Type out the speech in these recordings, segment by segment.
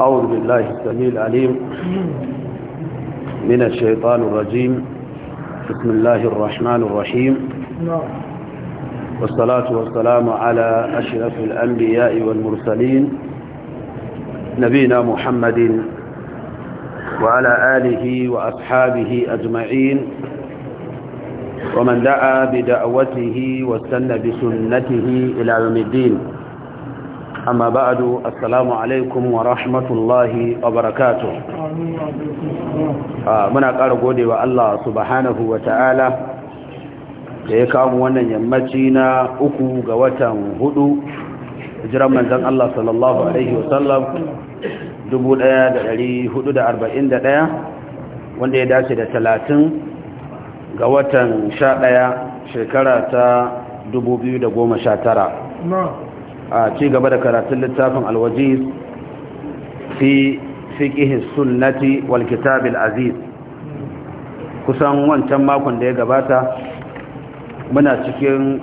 أعوذ بالله السميع العليم من الشيطان الرجيم بسم الله الرحمن الرحيم والصلاة والسلام على أشرف الأنبياء والمرسلين نبينا محمد وعلى آله وأصحابه أجمعين ومن دعا بدعوته واستنى بسنته إلى يوم الدين أما بعد alaikum wa rahmatullahi wa وبركاته muna ƙara gode wa Allah subhanahu wa ta'ala da ya kawo wannan yammaci na uku ga watan hudu jiran manzan Allah sallallahu Alaihi da 1441 wanda ya dace da talatin ga watan sha ɗaya shekara ta 2019 a ci gaba da karatun littafin alwajiz fi fiƙihi sunnati wal kitabil aziz kusan wancan makon da ya gabata muna cikin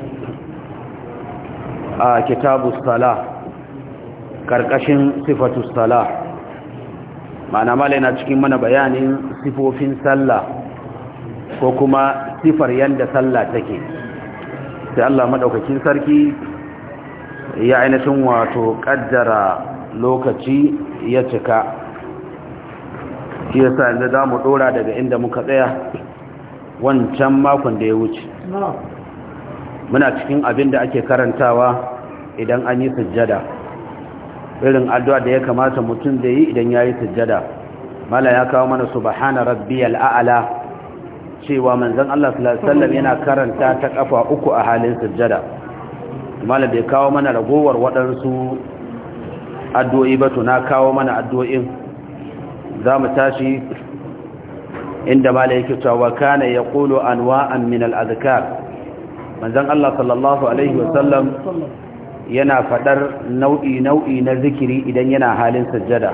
a kitabu sala ƙarƙashin sifatu sala ma'ana malai na cikin mana bayanin sifofin sallah ko kuma sifar yadda sallah take sai Allah maɗaukakin sarki ya ainihin wato kaddara lokaci ya cika shi yasa yanzu za mu dora daga inda muka tsaya wancan makon da ya wuce muna cikin abin da ake karantawa idan an yi sujjada irin addu'a da ya kamata mutum da yi idan ya yi sujjada mala ya kawo mana subhana Rabbi a'la cewa manzan Allah sallallahu alaihi wasallam yana karanta ta ƙafa uku a halin sujjada malam bai kawo mana ragowar waɗansu addu'o'i ba na kawo mana addu'o'in za mu tashi inda malam yake cewa kana ya ƙulo anwa'an min azkar. manzan Allah sallallahu Alaihi wasallam yana faɗar nau'i-nau'i na zikiri idan yana halin sajjada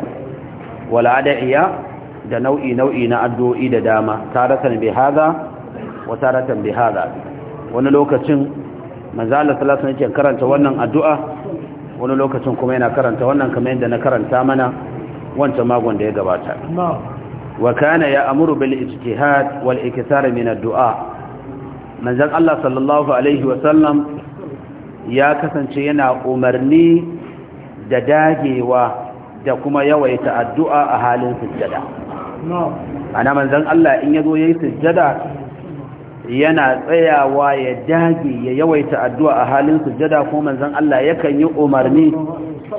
wala da nau'i-nau'i na addu'o'i da dama taratan bi wa taratan bi wani lokacin manzo Allah sallallahu alaihi wasallam karanta wannan addu'a wani lokacin kuma yana karanta wannan kamar yadda na karanta mana wancan magon da ya gabata wa kana ya'muru bil ijtihad wal ikthar min ad-du'a Allah sallallahu alaihi wasallam ya kasance yana umarni da dagewa da kuma yawaita addu'a a halin sujjada ana manzan Allah in yazo yi sujjada yana tsayawa ya dage ya yawaita addu'a a halin sujada ko manzon Allah yakan yi umarni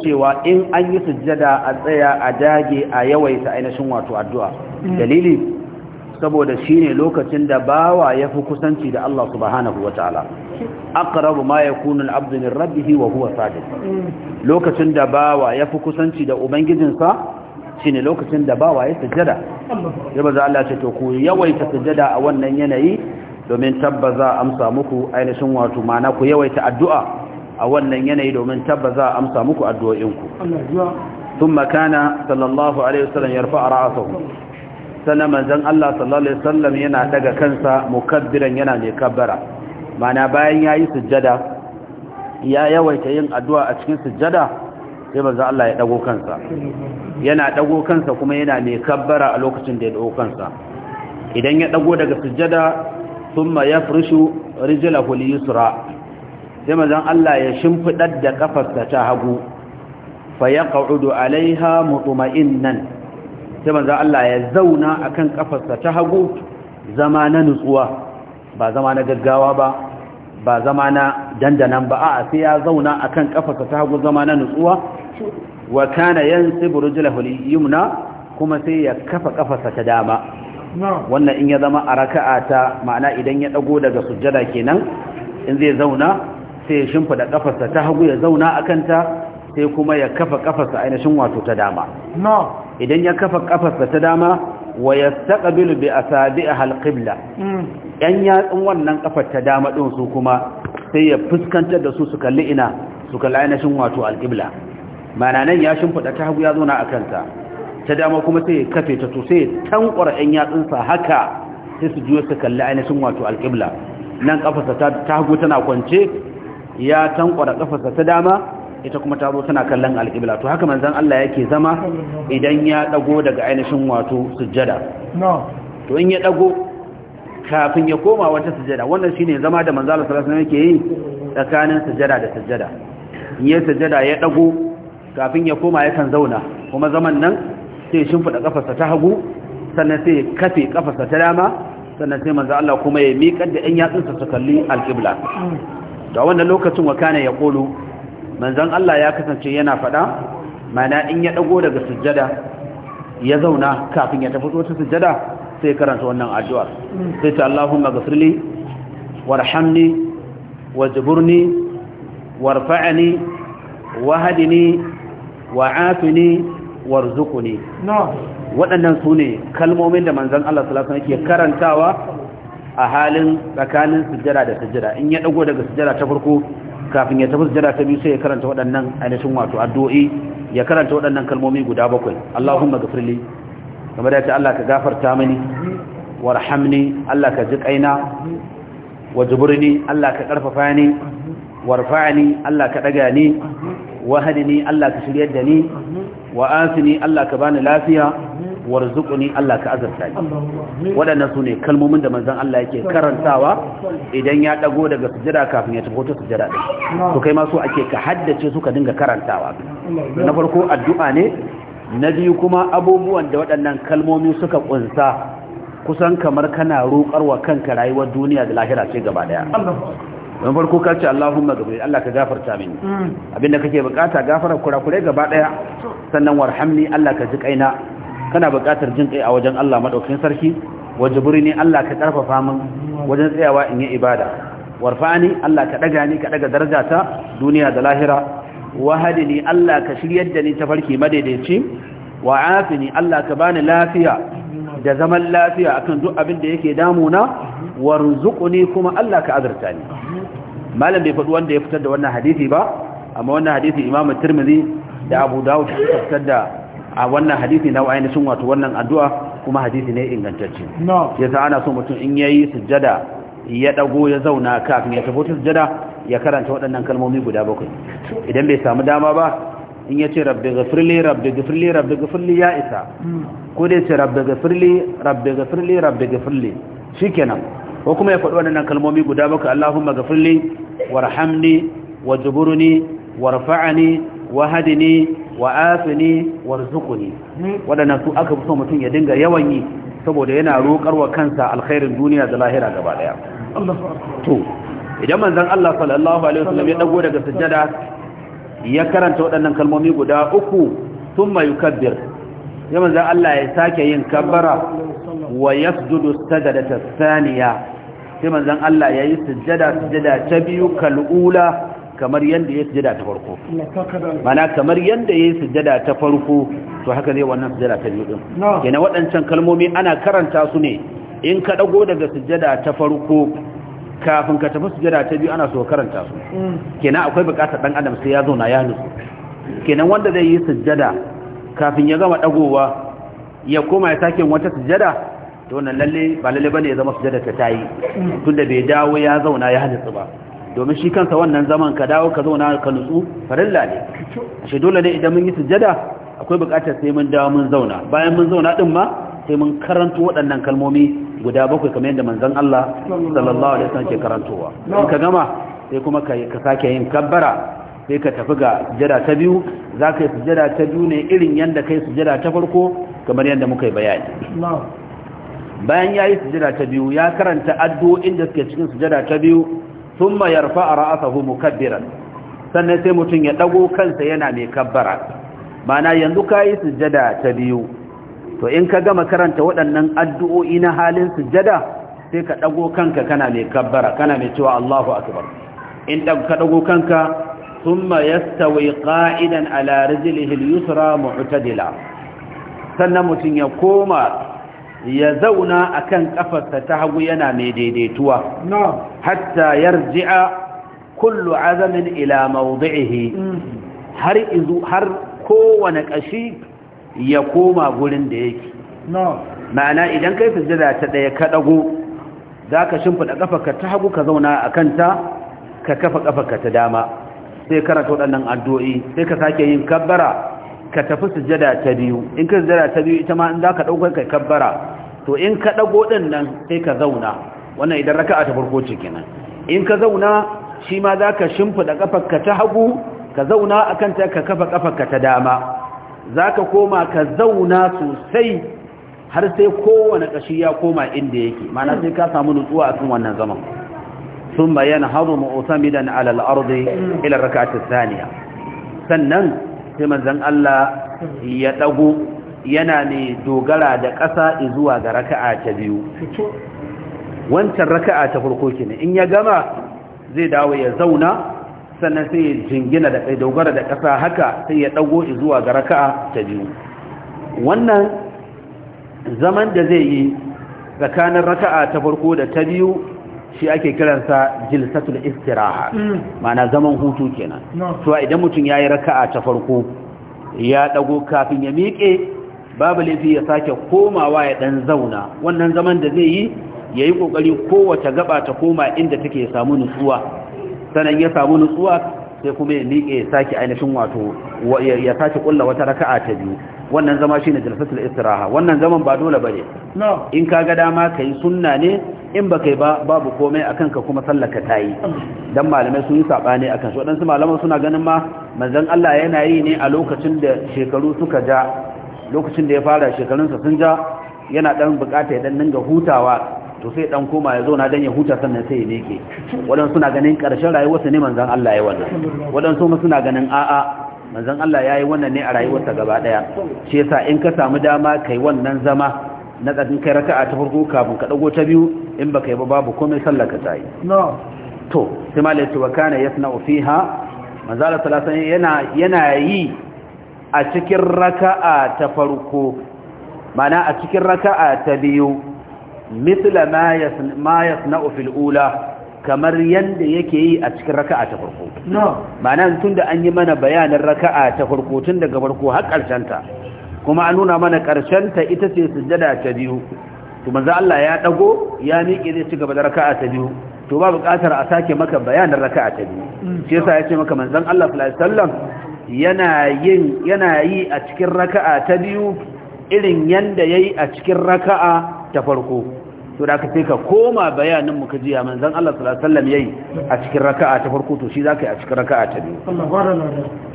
cewa in an yi sujada a tsaya a dage a yawaita ainihin wato addu'a dalili saboda shine lokacin da bawa ya fi kusanci da Allah subhanahu wa ta'ala aqrabu ma yakunu al-'abdu min rabbih wa huwa sajid lokacin da bawa ya fi kusanci da ubangijinsa shine lokacin da bawa ya sujada. yaba za Allah ce to ku yawaita sujada a wannan yanayi domin tabbaza a amsa muku ainihin wato mana ku yawaita addu'a a wannan yanayi domin tabbaza a amsa muku addu'o'inku ثم كان صلى الله عليه وسلم يرفع رأسه sannan manzon Allah sallallahu alaihi wasallam yana daga kansa mukabbiran yana mai kabbara mana bayan yayi sujjada ya yawaita yin addu'a a cikin sujjada sai manzon Allah ya dago kansa yana dago kansa kuma yana mai kabbara a lokacin da ya dago kansa idan ya dago daga sujjada thumma yafrishu rijlahu liyusra sai manzon Allah ya shimfidar da kafarsa ta hagu fa yaq'udu alaiha mutma'innan sai manzon Allah ya zauna akan kafarsa ta hagu zama na nutsuwa ba zama na gaggawa ba zama na dandanan ba a'a sai ya zauna akan kafarsa ta hagu zama na nutsuwa wa kuma sai ya kafa kafarsa ta dama wannan in ya zama a raka'a ta ma'ana idan ya dago daga sujjada kenan in zai zauna sai ya da kafarsa ta hagu ya zauna a kanta sai kuma ya kafa kafarsa ainihin wato ta dama idan ya kafa kafarsa ta dama wa yastaqbilu bi asabi'ihal qibla mm. yan yatsun wannan kafar ta dama din su kuma sai ya fuskantar da su su kalli ina su kalli ainihin wato al-qibla ma'ana nan ya shimfida ta hagu ya zauna a kanta ta dama kuma sai kafe ta to sai tankwar ɗan yatsunsa haka sai su juyo su kalli ainihin wato alƙibla nan ƙafasa ta hagu tana kwance ya tankwara ƙafasa ta dama ita kuma ta zo tana kallon alƙibla to haka manzan Allah yake zama idan ya ɗago daga ainihin wato sujjada to in ya ɗago kafin ya koma wata sujjada wannan shine zama da manzan Allah sallallahu alaihi yake yi tsakanin sujjada da sujjada in ya sujjada ya ɗago kafin ya koma yakan zauna kuma zaman nan sai ya fada kafarsa ta hagu sannan sai kafe kafarsa ta dama sannan sai manzo Allah kuma ya miƙar da ɗan yatsunsa su kalli alƙibla to wannan lokacin wakana ya ƙulu manzon Allah ya kasance yana faɗa mana in ya ɗago daga sujjada ya zauna kafin ya tafi wata sujjada sai karanta wannan addu'a sai ta Allahumma ghafirli warhamni wajburni warfa'ni wahdini wa'afini ne waɗannan su ne kalmomin da manzan Allah sallallahu ke karantawa a halin tsakanin sujjada da sujjada in ya dago daga sujjada ta farko kafin ya tafi sujjada ta biyu sai ya karanta waɗannan ainihin wato addu'o'i ya karanta waɗannan kalmomi guda bakwai Allahumma ghafirli kamar da ta Allah ka gafarta mini warhamni Allah ka ji kaina wajburni Allah ka karfafa ni warfa'ni Allah ka daga ni wahadini Allah ka shiryar da ni wa Allah ka bani lafiya warzuquni Allah ka azarta ni waɗannan sune kalmomin da manzon Allah yake karantawa idan ya dago daga sujada kafin ya tafi wata sujada din to kai ma so ake ka haddace su ka dinga karantawa na farko addu'a ne na biyu kuma abubuwan da waɗannan kalmomi suka kunsa kusan kamar kana roƙar wa kanka rayuwar duniya da lahira ce gaba daya don farko ka ce Allahumma gabri Allah ka gafarta mini mm. abinda kake bukata gafara kurakurai gaba daya sannan warhamni Allah ka ji kaina kana bukatar jin kai a wajen Allah madaukakin sarki buri ne Allah ka karfafa min wajen tsayawa in yi ibada warfani Allah ka ɗaga ni ka ɗaga daraja ta duniya da lahira wahadini Allah ka shiryar da ni tafarki madaidaici wa afini Allah ka bani lafiya da zaman lafiya akan duk abin da yake damuna warzuqni kuma Allah ka azurta ni malam bai faɗi wanda ya fitar da wannan hadisi ba amma wannan hadisi Imam Tirmidhi da Abu Dawud suka fitar da a wannan hadisi na ainihin wato wannan addu'a kuma hadisi ne ingantacce yasa ana so mutum in yayi sujjada ya dago ya zauna kafin ya tafi sujjada ya karanta waɗannan kalmomi guda bakwai idan bai samu dama ba in ya ce rabbi gafirli rabbi gafirli rabbi gafirli ya isa ko dai ce rabbi gafirli rabbi gafirli rabbi gafirli Shi kenan ko kuma ya faɗi waɗannan kalmomi guda baka Allahumma gafirli warhamni wajburni warfa'ni wahdini wa'afini warzuqni Waɗannan su aka so mutum ya dinga yawan yi saboda yana roƙar wa kansa alkhairin duniya da lahira gaba daya to idan manzon Allah sallallahu alaihi wasallam ya dago daga sujjada ya karanta waɗannan kalmomi guda uku sun mai kabbir ya manza Allah ya sake yin kabbara wa ya sujudu sajada ta saniya sai manzan Allah ya yi sujada sujada ta biyu kal'ula kamar yadda ya sujada ta farko mana kamar yadda ya yi sujada ta farko to haka zai wannan sujada ta biyu din kenan waɗancan kalmomi ana karanta su ne in ka ɗago daga sujada ta farko kafin ka tafi sujada ta biyu ana so karanta su kenan akwai bukatar dan adam sai ya zauna ya nutsu kenan wanda zai yi sujada kafin ya gama dagowa ya koma ya sake wata sujada to wannan lalle ba lalle bane ya zama sujada ta tayi tunda bai dawo ya zauna ya nutsu ba domin shi kansa wannan zaman ka dawo ka zauna ka nutsu farilla ne ashe dole ne idan mun yi sujada akwai bukatar sai mun dawo mun zauna bayan mun zauna din ma sai mun karanto waɗannan kalmomi guda bakwai kamar yadda manzon Allah sallallahu alaihi wasallam ke karantowa in ka gama sai kuma ka sake yin kabbara sai ka tafi ga jira ta biyu za ka yi sujada ta biyu ne irin yadda kai sujjada sujada ta farko kamar yadda muka yi bayani bayan ya yi sujada ta biyu ya karanta addu'o'in da suke cikin sujada ta biyu sun ma yarfa a ra'asahu mukabbiran sannan sai mutum ya ɗago kansa yana mai kabbara mana yanzu ka yi sujada ta biyu to in ka gama karanta waɗannan addu'o'i na halin sujjada sai ka ɗago kanka kana mai kabbara kana mai cewa Allahu akbar in ka ɗago kanka thumma yastawi qa'idan ala rijlihi yusra mu'tadila sannan mutum ya koma ya zauna akan ƙafarsa ta hagu yana mai daidaituwa hatta yarji'a kullu azamin ila mawdi'ihi mm. har har kowane ƙashi. ya koma gurin da yake ma'ana idan kai sujjada ta ɗaya ka ɗago za ka shimfiɗa ƙafaka ta hagu ka zauna a kanta ka kafa ƙafaka ta dama sai karanta waɗannan addu'o'i sai ka sake yin kabbara ka tafi sujjada ta biyu in ka sujjada ta biyu ita ma in za ka ɗaukar kai kabbara to in ka ɗago ɗin nan sai ka zauna wannan idan raka'a ta farko ce kenan in ka zauna shi ma za ka shimfiɗa ƙafarka ta hagu ka zauna a kanta ka kafa ƙafarka ta dama za ka koma ka zauna sosai har sai kowane ƙashi ya koma inda yake mana sai ka samu nutsuwa a cikin wannan zaman sun bayyana haru mu'usamidan alal ardi ila rak'atis saniya sannan sai manzan Allah ya ɗago yana ne dogara da ƙasa zuwa ga raka'a ta biyu wancan raka'a ta farko kenan in ya gama zai dawo ya zauna sannan sai ya jingina da kai dogara da ƙasa haka sai ya dago zuwa ga raka'a ta biyu wannan zaman da zai yi tsakanin raka'a ta farko da ta biyu shi ake kiransa jilsatul istiraha mana zaman hutu kenan to idan mutum yayi raka'a ta farko ya dago kafin ya miƙe babu laifi ya sake komawa ya dan zauna wannan zaman da zai yi yayi kokari kowace gaba ta koma inda take samu nutsuwa sanan ya samu nutsuwa sai kuma ya miƙe ya sake ainihin wato ya sake kulla wata raka'a ta biyu wannan zama shine jalsatul istiraha wannan zaman ba dole bane in ka ga dama kai sunna ne in ba kai ba babu komai akan ka kuma sallaka tayi dan malamai sun yi sabani akan su wadansu malaman suna ganin ma manzon Allah yana yi ne a lokacin da shekaru suka ja lokacin da ya fara shekarunsa sun ja yana dan bukata ya dan dinga hutawa to sai dan koma ya zo na dan ya huta sannan sai ya leke wadan suna ganin karshen rayuwarsa ne manzon Allah ya wannan wadan su suna ganin a'a manzon Allah ya yi wannan ne a rayuwarsa gaba daya shi yasa in ka samu dama kai wannan zama na tsadin kai raka'a ta farko kafin ka dago ta biyu in baka yi ba babu komai sallar ka tayi to sai malai ce kana yasna fiha manzon Allah sallallahu yana yana yi a cikin raka'a ta farko mana a cikin raka'a ta biyu mithla ma yasna'u fil ula kamar yanda yake yi a cikin raka'a ta farko ma'ana tunda an yi mana bayanin raka'a ta farko tun daga farko har karshen ta kuma an nuna mana karshen ta ita ce sujjada ta biyu to manzo Allah ya dago ya miƙe zai ci gaba da raka'a ta biyu to ba buƙatar a sake maka bayanin raka'a ta biyu mm. shi yasa yace maka manzon Allah sallallahu alaihi wasallam yana yin yana yi a cikin raka'a ta biyu irin yanda yayi a cikin raka'a ta farko to da ka sai ka koma bayanin mu jiya ya manzon Allah sallallahu alaihi wasallam yayi a cikin raka'a ta farko to shi zaka yi a cikin raka'a ta biyu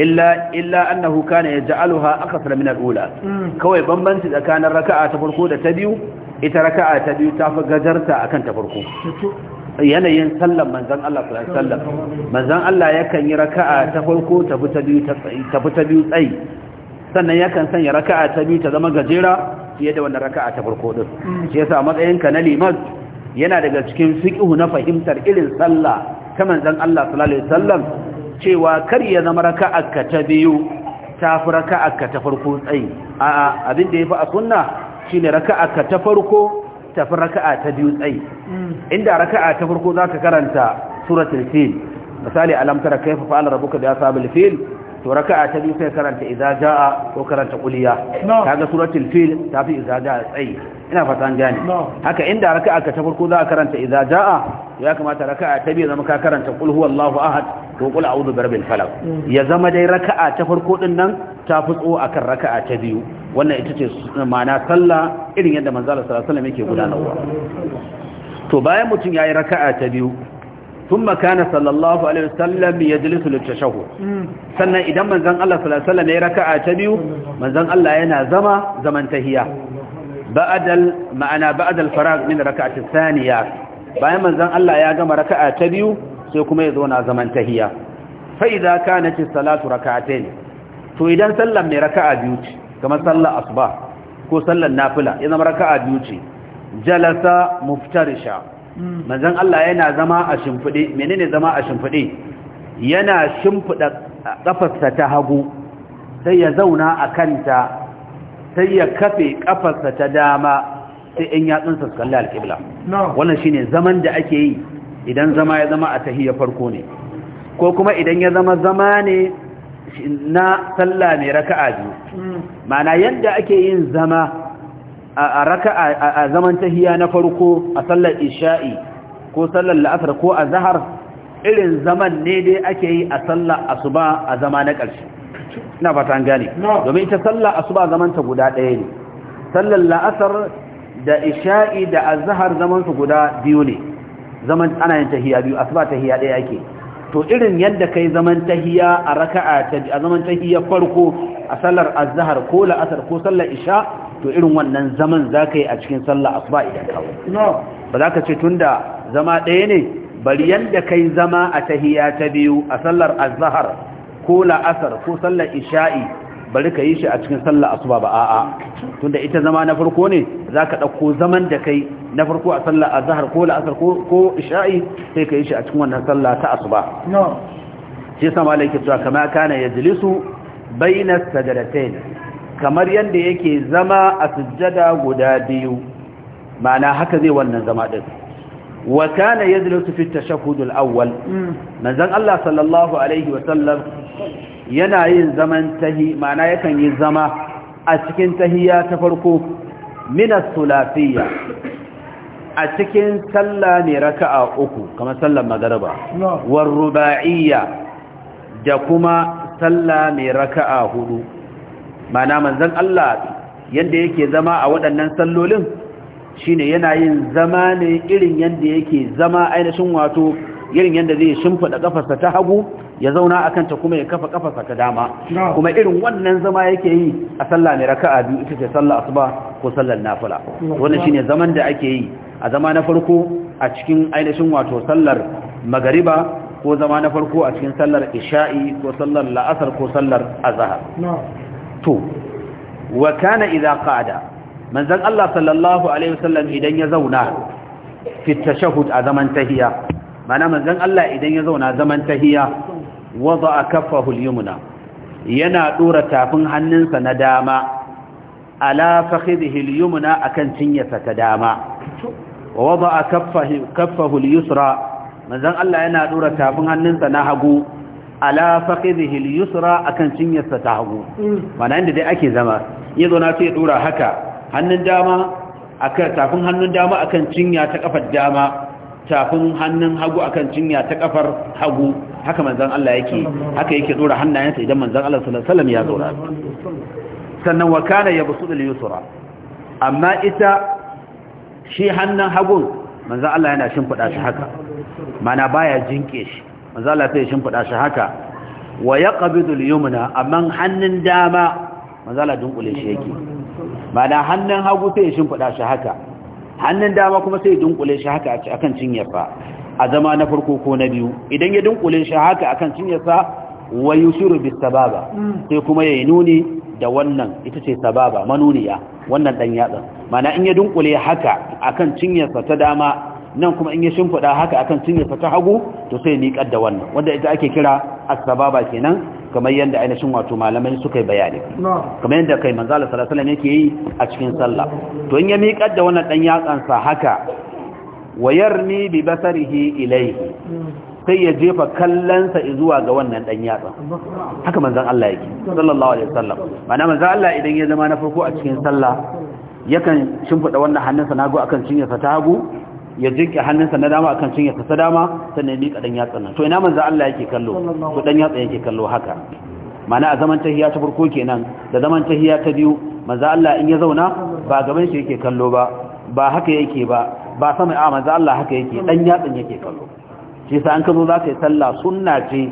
illa illa annahu kana yaj'aluha akthar min al-ula hmm. kawai bambanci tsakanin raka'a ta farko da ta biyu ita raka'a ta biyu ta fi gajarta akan ta farko yanayin sallan manzon Allah sallallahu alaihi wasallam manzon Allah yakan yi raka'a ta farko ta fi ta biyu ta tsayi ta bi ta biyu tsayi sannan yakan sanya raka'a ta biyu ta zama gajera fiye da wannan raka'a ta farko din mm. shi yasa matsayinka na liman yana daga cikin fiqhu na fahimtar irin sallah ta manzon Allah sallallahu alaihi wasallam cewa kar ya zama raka'a ka ta biyu ta fi raka'a ka ta farko tsayi a'a abin da yafi a sunna shine raka'a ka ta farko ta fi raka'a ta biyu tsayi mm. inda raka'a ta farko zaka karanta suratul fil misali alam tara kayfa fa'ala rabbuka bi ashabil fil to raka'a ta biyu sai karanta idza jaa ko karanta quliya kaga suratul fil ta fi idza jaa tsayi ina fata an haka inda raka'a ka ta farko za ka karanta idza jaa ya kamata raka'a ta biyu zama ka karanta qul huwallahu ahad ko qul a'udhu birabbil falaq mm. ya zama dai raka'a ta farko din nan ta futso akan raka'a ta biyu wannan ita ce ma'ana sallah irin yadda manzo Allah sallallahu alaihi wasallam yake gudanarwa to bayan mutum yayi raka'a ta biyu ثم كان صلى الله عليه وسلم يجلس للتشهد sannan idan manzon Allah sallallahu alaihi wasallam ya raka'a ta biyu manzon Allah yana zama zaman tahiya ba'dal ma'ana ba'dal farag min raka'ati thaniya bayan manzon Allah ya gama raka'a ta biyu sai kuma ya zauna zaman tahiya fa idza kanat salatu raka'atayn to idan sallan mai raka'a biyu ce kamar sallar asuba ko sallar nafila ya zama raka'a biyu ce jalasa muftarisha manzon Allah yana zama a shimfide menene zama a shimfide yana shimfida kafarsa ta hagu sai ya zauna a kanta sai ya kafe kafarsa ta dama sai in yatsunsa su kalli alƙibla wannan shine zaman da ake yi idan zama ya zama a tahiyya farko ne ko kuma idan ya zama zama ne na sallah mai raka'a biyu mm. ma'ana yadda ake yin zama a raka a zaman tahiya na farko a sallar isha'i ko sallar la'asar ko a zahar irin zaman ne dai ake yi a sallar asuba a zama na ƙarshe ina fata an gane domin ita sallar asuba zaman ta guda ɗaya ne sallar la'asar da isha'i da azhar zaman su guda biyu ne zaman ana yin tahiya biyu asuba tahiya ɗaya ake to irin yadda kai zaman tahiya a raka'a ta a zaman tahiya farko a sallar azhar ko la'asar ko sallar isha to irin wannan zaman za ka yi a cikin sallah asuba idan kawo ba za ka ce tun da zama ɗaya ne bari yadda kai zama a tahiya ta biyu a sallar azahar ko la'asar ko sallar isha'i bari ka yi shi a cikin sallar asuba ba a'a tun da ita zama na farko ne za ka ɗauko zaman da kai na farko a sallar azahar ko la'asar ko isha'i sai ka yi shi a cikin wannan sallah ta asuba shi sama alaikata kama kana ya jilisu bayyana sajadatai kamar yadda yake zama a sujjada guda biyu ma'ana haka zai wannan zama din wa kana yajlisu fi tashahhud al-awwal manzon Allah sallallahu alaihi wa sallam yana yin zaman tahi ma'ana yakan yi zama a cikin tahiyya ta farko min as-sulafiyya a cikin sallah ne raka'a uku kamar sallar magariba war ruba'iyya da kuma sallah ne raka'a hudu mana manzan Allah yanda yake zama a waɗannan sallolin shine yana yin zama ne irin yanda yake zama ainihin wato irin yadda zai shimfida kafarsa ta hagu ya zauna akan ta kuma ya kafa kafarsa ta dama kuma irin wannan zama yake yi a sallah mai raka'a biyu ita ce sallah asuba ko sallar nafila wannan shine zaman da ake yi a zama na farko a cikin ainihin wato sallar magariba ko zama na farko a cikin sallar isha'i ko sallar la'asar ko sallar azhar to wa kana idza qada manzon Allah sallallahu alaihi wasallam idan ya zauna fi tashahhud a zaman tahiyya mana manzon Allah idan ya zauna zaman tahiyya wada'a kaffahu al-yumna yana dora tafin hannunsa na dama ala fakhidhihi al-yumna akan cinyarsa ta dama wa wada'a kaffahu al-yusra manzon Allah yana dora tafin hannunsa na hagu ala faqidihi al-yusra akan cinyarsa ta hagu mm. mana inda dai ake zama ya na sai dora haka hannun dama akan tafin hannun dama akan cinya ta kafar dama tafin hannun hagu akan cinya ta kafar hagu haka manzon Allah yake haka yake dora hannayensa idan manzon Allah sallallahu alaihi ya zaura sannan wa kana yabsudu al-yusra amma ita shi hannun hagun manzon Allah yana shimfida shi haka mana baya jinke shi manzo Allah sai ya shimfida shi haka wa yaqbidu al-yumna amman hannun dama manzo Allah dunkule shi yake ma'ana hannun hagu sai ya shimfida shi haka hannun dama kuma sai ya dunkule shi haka akan cinyarsa a zama na farko ko na biyu idan ya dunkule shi haka akan cinyarsa wa yushiru bis sababa sai kuma yi nuni da wannan ita ce sababa manuniya wannan dan yatsa mana in ya dunkule haka akan cinyarsa ta dama nan kuma in ya shimfiɗa haka akan cinye fata hagu to sai miƙar da wannan wanda ita ake kira asbaba kenan kamar yadda ainihin wato malamai suka yi bayani kamar yadda kai manzo Allah sallallahu alaihi yake yi a cikin sallah to in ya miƙar da wannan dan yatsansa haka wayarmi bi basarihi ilaihi sai ya jefa kallansa zuwa ga wannan dan yatsan. haka manzon Allah yake sallallahu alaihi wasallam mana manzon Allah idan ya zama na farko a cikin sallah yakan shimfida wannan hannunsa nagu akan cinyarsa ta hagu ya jinke hannunsa na dama akan cin ya ta dama sannan ni ɗan yatsa nan to ina manzo Allah yake kallo to dan yatsa yake kallo haka mana a zaman tahiya ta farko kenan da zaman tahiya ta biyu manzo Allah in ya zauna ba gaban shi yake kallo ba ba haka yake ba ba sama a manzo Allah haka yake dan yatsan yake kallo shi sa an kazo zaka yi sallah sunna ce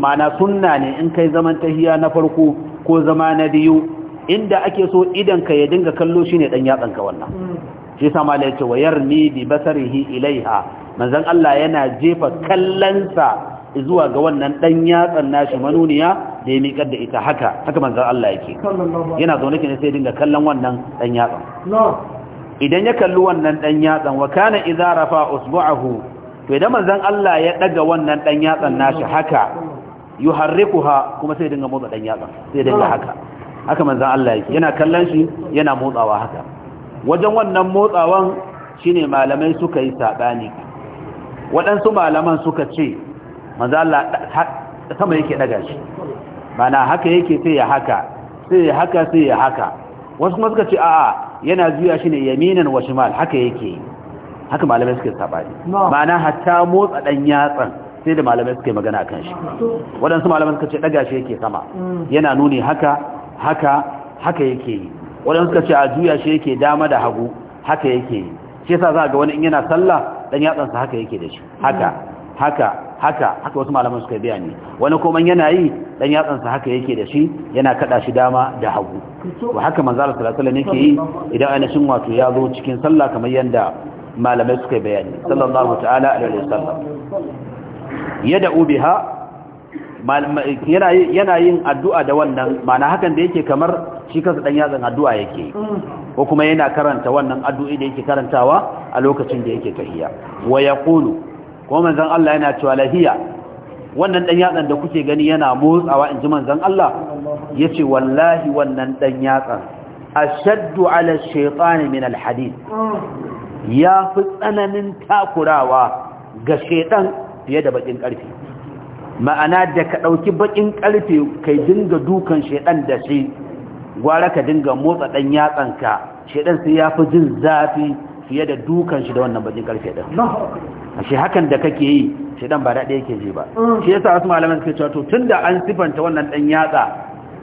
ma'ana sunna ne in kai zaman tahiya na farko ko zama na biyu inda ake so idan ka ya dinga kallo shine dan yatsan ka wannan hmm. shi sama da yake wayar ni bi basarihi ilaiha manzon Allah yana jefa kallansa zuwa ga wannan dan yatsan nashi manuniya da ya miƙar da ita haka haka manzon Allah yake yana zaune ne sai dinga kallon wannan dan yatsan idan ya kalli wannan dan yatsan wa kana idza rafa usbu'ahu to idan manzon Allah ya daga wannan dan yatsan nashi haka yuharrikuha kuma sai dinga motsa dan yatsan sai dinga haka haka manzon Allah yake yana kallon shi yana motsawa haka wajen wannan motsawan shine malamai suka yi saɓani waɗansu malaman suka ce mazala sama yake ɗaga shi mana haka yake sai ya haka sai ya haka sai ya haka wasu kuma suka ce a'a yana juya shi ne yaminan wa shimal haka yake yi haka malamai suka yi saɓani mana hatta motsa ɗan yatsan sai da malamai suka yi magana kan shi waɗansu malamai suka ce ɗaga shi yake sama mm. yana nuni haka haka haka yake yi wadanda suka ce a juya shi yake dama da hagu haka yake yi shi sa za ga wani in yana sallah dan yatsansa haka yake da shi haka haka haka haka wasu malaman suka biya ne wani kuma yana yi dan yatsansa haka yake da shi yana kada shi dama da hagu to haka manzo Allah sallallahu alaihi wasallam yake yi idan ainihin wato ya zo cikin sallah kamar yanda malamai suka bayani sallallahu ta'ala alaihi wasallam yad'u biha yana yin addu'a da wannan mana hakan da yake kamar shi kansa dan yatsan addu'a yake ko kuma yana karanta wannan addu'i da yake karantawa a lokacin da yake tahiya wa yaqulu ko manzan Allah yana cewa lahiya wannan dan yatsan da kuke gani yana motsawa in inji manzan Allah Ya ce wallahi wannan ɗan yatsan ashaddu ala shaytan min alhadis ya fi tsananin takurawa ga ɗan fiye da baƙin ƙarfi. ma'ana da ka ɗauki baƙin ƙarfe kai dinga dukan shaidan da shi gwara ka dinga motsa ɗan yatsanka shaidan sai ya fi jin zafi fiye da dukan shi da wannan baƙin ƙarfe ɗin shi hakan da kake yi shaidan ba daɗe yake ji ba mm. shi yasa wasu malaman suke cewa to tun da an sifanta wannan ɗan yatsa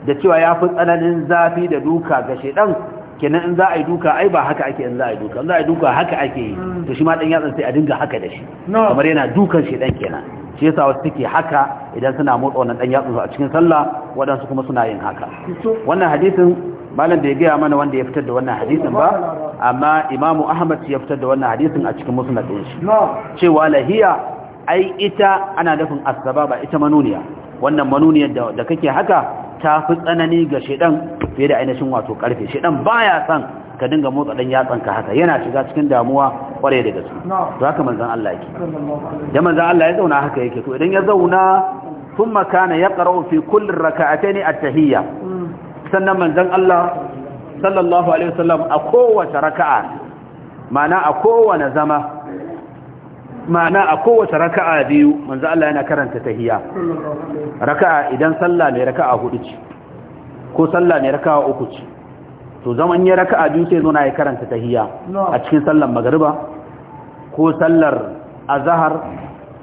da cewa ya fi tsananin zafi da duka ga shaidan kenan in za a yi duka ai ba haka ake in za a yi duka in za a yi duka haka ake yi mm. to shi ma ɗan yatsan sai a dinga haka da shi kamar yana dukan shaidan kenan shi yasa wasu suke haka idan suna motsa wannan dan yatsu a cikin sallah waɗansu kuma suna yin haka wannan hadisin malam da ya gaya mana wanda ya fitar da wannan hadisin ba amma imamu ahmad ya fitar da wannan hadisin a cikin musnad din shi cewa lahiya ai ita ana nufin asbaba ita manuniya wannan manuniya da kake haka ta fi tsanani ga shedan fiye da ainihin wato karfe shedan baya san ka dinga motsa dan yatsan ka haka yana shiga cikin damuwa kware da gaske to haka manzon Allah yake da manzon Allah ya zauna haka yake to idan ya zauna thumma kana yaqra'u fi kulli rak'atayn at-tahiyya sannan manzon Allah sallallahu alaihi wasallam a kowace raka'a ma'ana a kowane zama ma'ana a kowace raka'a biyu manzo Allah yana karanta tahiyya raka'a idan sallah ne raka'a hudu ko sallah ne raka'a uku ce to zaman yi raka a biyu sai na ya karanta tahiyya a cikin sallar magariba ko sallar azahar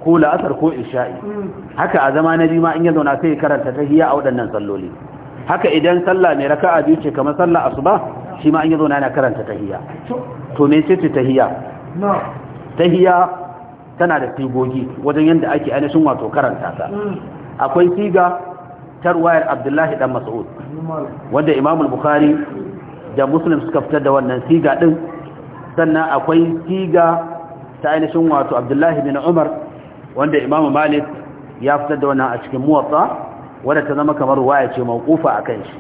ko la'asar ko isha'i haka a zama na biyu ma in ya zauna sai karanta tahiyya a waɗannan salloli haka idan sallah mai raka'a biyu ce kamar asuba shi ma in yi zo na karanta tahiyya to me ce ce tahiyya tahiyya tana da sigogi wajen yadda ake ainihin wato karanta ta akwai siga ta abdullahi dan mas'ud wanda imamul bukhari da muslim suka fitar da wannan siga din sannan akwai siga ta ainihin wato abdullahi bin umar wanda imam malik ya fitar da wannan a cikin muwatta wadda ta zama kamar waya ce a kan shi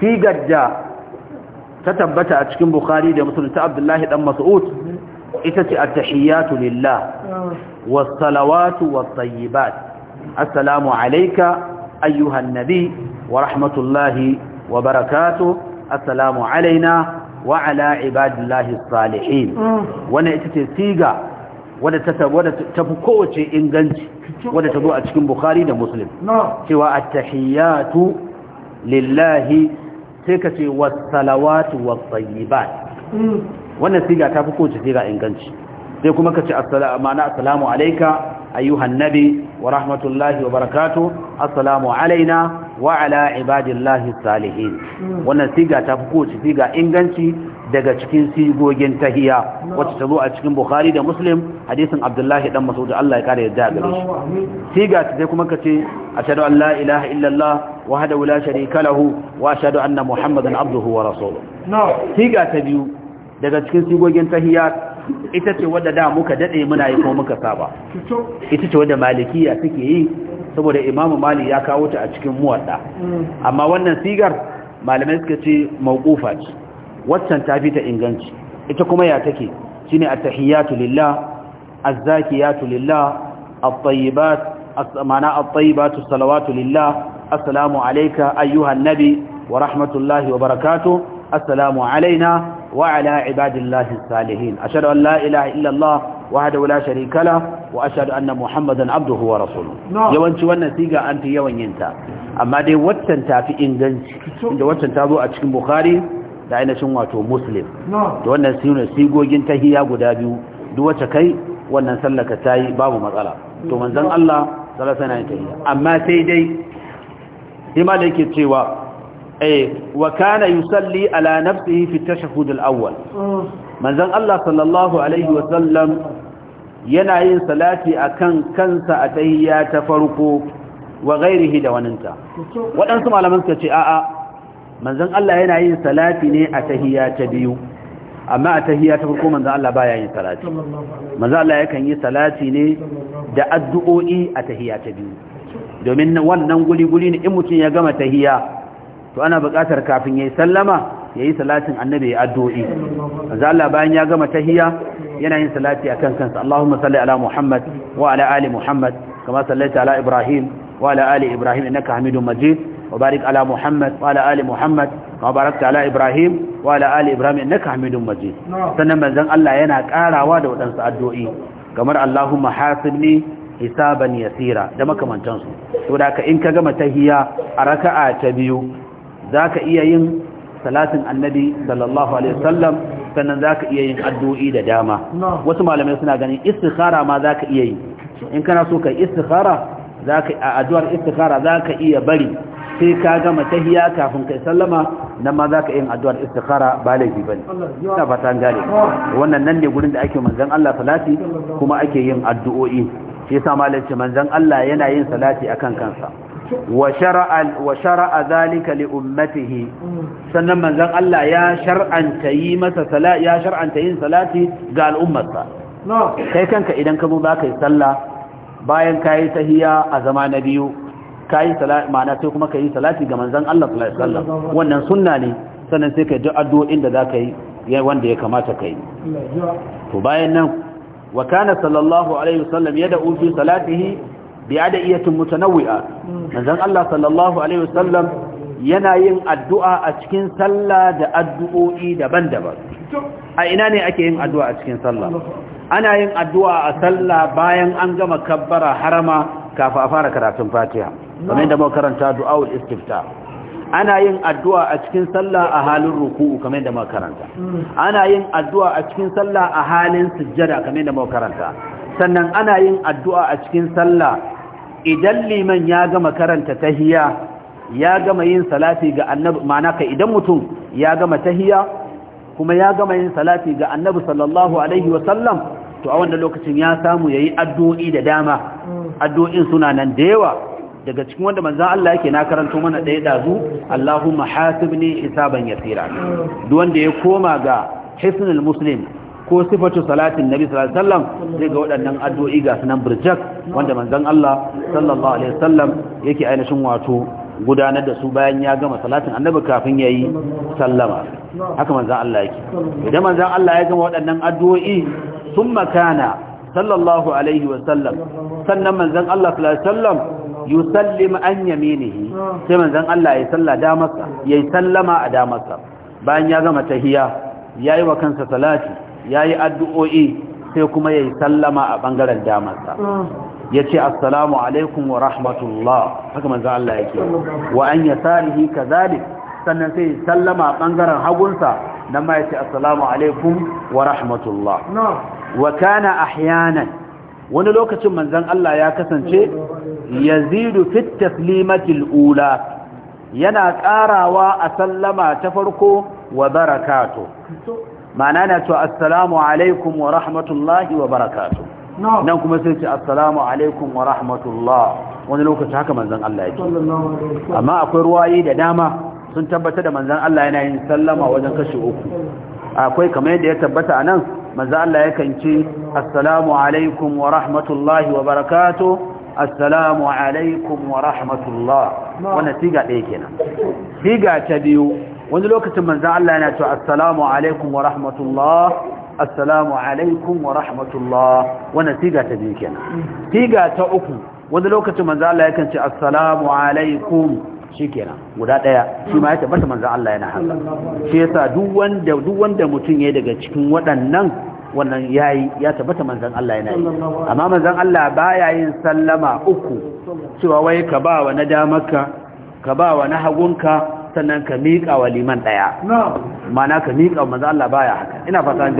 sigar da ta tabbata a cikin bukhari da muslim ta abdullahi dan mas'ud ita ce at-tahiyatu lillah was-salawatu was-tayyibat assalamu alayka ayyuhan nabi wa rahmatullahi wa barakatuh assalamu alaina wa ala ibadillahi salihin wannan ita ce siga wadda ta fi kowace inganci wadda ta zo a cikin bukhari da muslim cewa attahiyatu lillahi sai ka ce wassalawatu wassayyibat mm. wannan siga ta fi kowace siga inganci sai kuma ka ce ma'ana assalamu alaika ayyuhan nabi wa rahmatullahi wa barakatu assalamu alaina wa ala ibadillahi salihin wannan siga ta fi kowace siga inganci daga cikin sigogin tahiya wacce ta zo a cikin bukhari da muslim hadisun abdullahi dan da Allah ya kare yadda gare shi siga ta zai kuma kace a shaɗu an la ilaha illallah wahdahu wula sharika lahu wa an na muhammadan abduhu wa rasuluhu siga ta biyu daga cikin sigogin tahiya ita ce wadda da muka dade muna yi ko muka saba ita ce wadda malikiya suke yi saboda imamu mali ya kawo ta a cikin muwadda mm. amma wannan sigar malamai suka ce mawqufa ce waccan ta fi ta inganci ita kuma ya take shine a tahiyatu lillah az lillah at-tayyibat as salawatu lillah assalamu alayka ayyuhan nabi wa rahmatullahi wa barakatuh assalamu alayna wa ala ibadillahi as-salihin ashhadu an la ilaha illa allah wahdahu la sharika lahu wa ashhadu anna muhammadan abduhu wa rasuluhu yawanci wannan siga an fi yawan yin ta amma dai waccan ta fi inganci inda waccan ta zo a cikin bukhari da ainihin wato muslim da wannan sune sigogin tahiya guda biyu duk wacce kai wannan sallaka ta yi babu matsala to manzon Allah sallallahu alaihi wasallam tahiyya amma sai dai sai ma da yake cewa وكان يصلي على نفسه في التشهد الأول من ذن الله صلى الله عليه وسلم yana yin salati akan kansa a tahiyya ta farko wa da waninta waɗansu malaman suka ce a'a manzon Allah yana yin salati ne a tahiyya ta biyu amma a tahiyya ta farko manzon Allah baya yin salati manzon Allah yakan yi salati ne da addu'o'i a tahiyya ta biyu domin wannan guli-guli ne in mutum ya gama tahiyya to ana buƙatar kafin ya yi sallama ya yi salatin annabi ya addu'i manzo Allah bayan ya gama tahiyya yana yin salati kan kansa Allahumma salli ala Muhammad wa ala ali Muhammad kama sallaita ala Ibrahim wa ala ali Ibrahim innaka Hamidum Majid wa barik ala Muhammad wa ala ali Muhammad kama barakta ala Ibrahim wa ala ali Ibrahim innaka hamidun Majid sannan manzon Allah yana karawa da wadansu addu'i kamar Allahumma hasibni hisaban yasira da makamantansu to da ka in ka gama tahiyya a raka'a ta biyu zaka iya yin salatin annabi sallallahu alaihi wasallam sannan zaka iya yin addu'o'i da dama wasu malamai suna ganin istikhara ma zaka iya yi in kana so kai istikhara zaka a addu'ar istikhara zaka iya bari sai ka gama tahiya kafin kai sallama nan ma zaka yin addu'ar istikhara ba laifi bane ina fata an gane oh. wannan nan ne gurin da ake manzon Allah salati kuma ake yin addu'o'i shi yasa malam manzon Allah yana yin salati akan kansa wa shara'a zalika li ummatihi sannan manzan Allah ya shar'anta yi masa salati ya shar'anta yin salati ga al'ummarsa kai kanka idan ka zo zaka yi sallah bayan kayi tahiyya a zama na biyu kayi salati ma'ana sai kuma kayi salati ga manzan Allah sallallahu wannan suna ne sannan sai kai duk addu'o'in da zaka yi wanda ya kamata kai to bayan nan wa kana sallallahu alaihi wasallam yad'u fi salatihi bi adiyatin mutanawwi'a manzon Allah sallallahu alaihi wasallam yana yin addu'a a cikin sallah da addu'o'i daban-daban a ina ne ake yin addu'a a cikin sallah ana yin addu'a a sallah bayan an gama kabbara harama kafin a fara karatun fatiha kamar yadda muka karanta du'aul istifta ana yin addu'a a cikin sallah a halin ruku'u kamar yadda muka karanta ana yin addu'a a cikin sallah a halin sujjada kamar yadda muka karanta sannan ana yin addu'a a cikin sallah idan liman ya gama karanta tahiya ya gama yin salati ga annabi ma'ana ka idan mutum ya gama tahiya kuma ya gama yin salati ga annabi sallallahu alaihi wa to a wanda lokacin ya samu yayi addu'o'i da dama addu'o'in suna nan da yawa daga cikin wanda manzan Allah yake na karanto mana ɗaya dazu Allahumma hasibni hisaban yasira duk wanda ya koma ga hisnul muslim ko sifatu salatin nabi sallallahu alaihi wasallam zai ga waɗannan addu'o'i ga sunan burjak wanda manzon Allah sallallahu alaihi wasallam yake ainihin wato gudanar da su bayan ya gama salatin annabi kafin yayi sallama haka manzon Allah yake idan manzon Allah ya gama waɗannan addu'o'i thumma kana sallallahu alaihi wasallam sannan manzon Allah sallallahu alaihi yusallim an yaminihi sai manzon Allah ya salla da masa yayi sallama a da masa bayan ya gama tahiyya yayi wa kansa salati ya yi addu'o'i sai kuma ya yi sallama a ɓangaren damarsa mm. ya ce assalamu alaikum wa rahmatullah haka manzo Allah yake wa an ya sarihi ka sannan sai ya sallama a ɓangaren hagunsa nan ma ya ce assalamu alaikum wa rahmatullah wa kana ahyanan wani lokacin manzon Allah ya kasance yazidu fit taslimatil ula yana karawa a sallama ta farko wa barakatuh ma'ana na cewa assalamu alaikum wa rahmatullahi wa barakatuh nan kuma sai ce assalamu alaikum wa rahmatullah wani lokaci haka manzon Allah yake amma akwai ruwayi da dama sun tabbata da manzon Allah yana yin sallama wajen kashi uku akwai kamar yadda ya tabbata anan manzon Allah yakan ce assalamu alaikum wa rahmatullahi wa barakatuh assalamu alaikum wa rahmatullah wannan siga ɗaya kenan siga ta biyu wani lokacin manzo Allah yana cewa assalamu alaikum wa rahmatullah assalamu alaikum wa rahmatullah wannan siga ta biyu kenan siga ta uku wani lokacin manzo Allah yakan ce assalamu alaikum shikenan guda daya shi ma ya tabbata manzo Allah yana haka shi yasa duk wanda duk wanda mutum ya daga cikin waɗannan wannan yayi ya tabbata manzan Allah yana yi amma manzan Allah baya yin sallama uku cewa wai ka ba wa na damarka ka ba wa na hagunka sannan ka miƙa wa liman ɗaya mana ka miƙa wa maza Allah baya haka ina fata an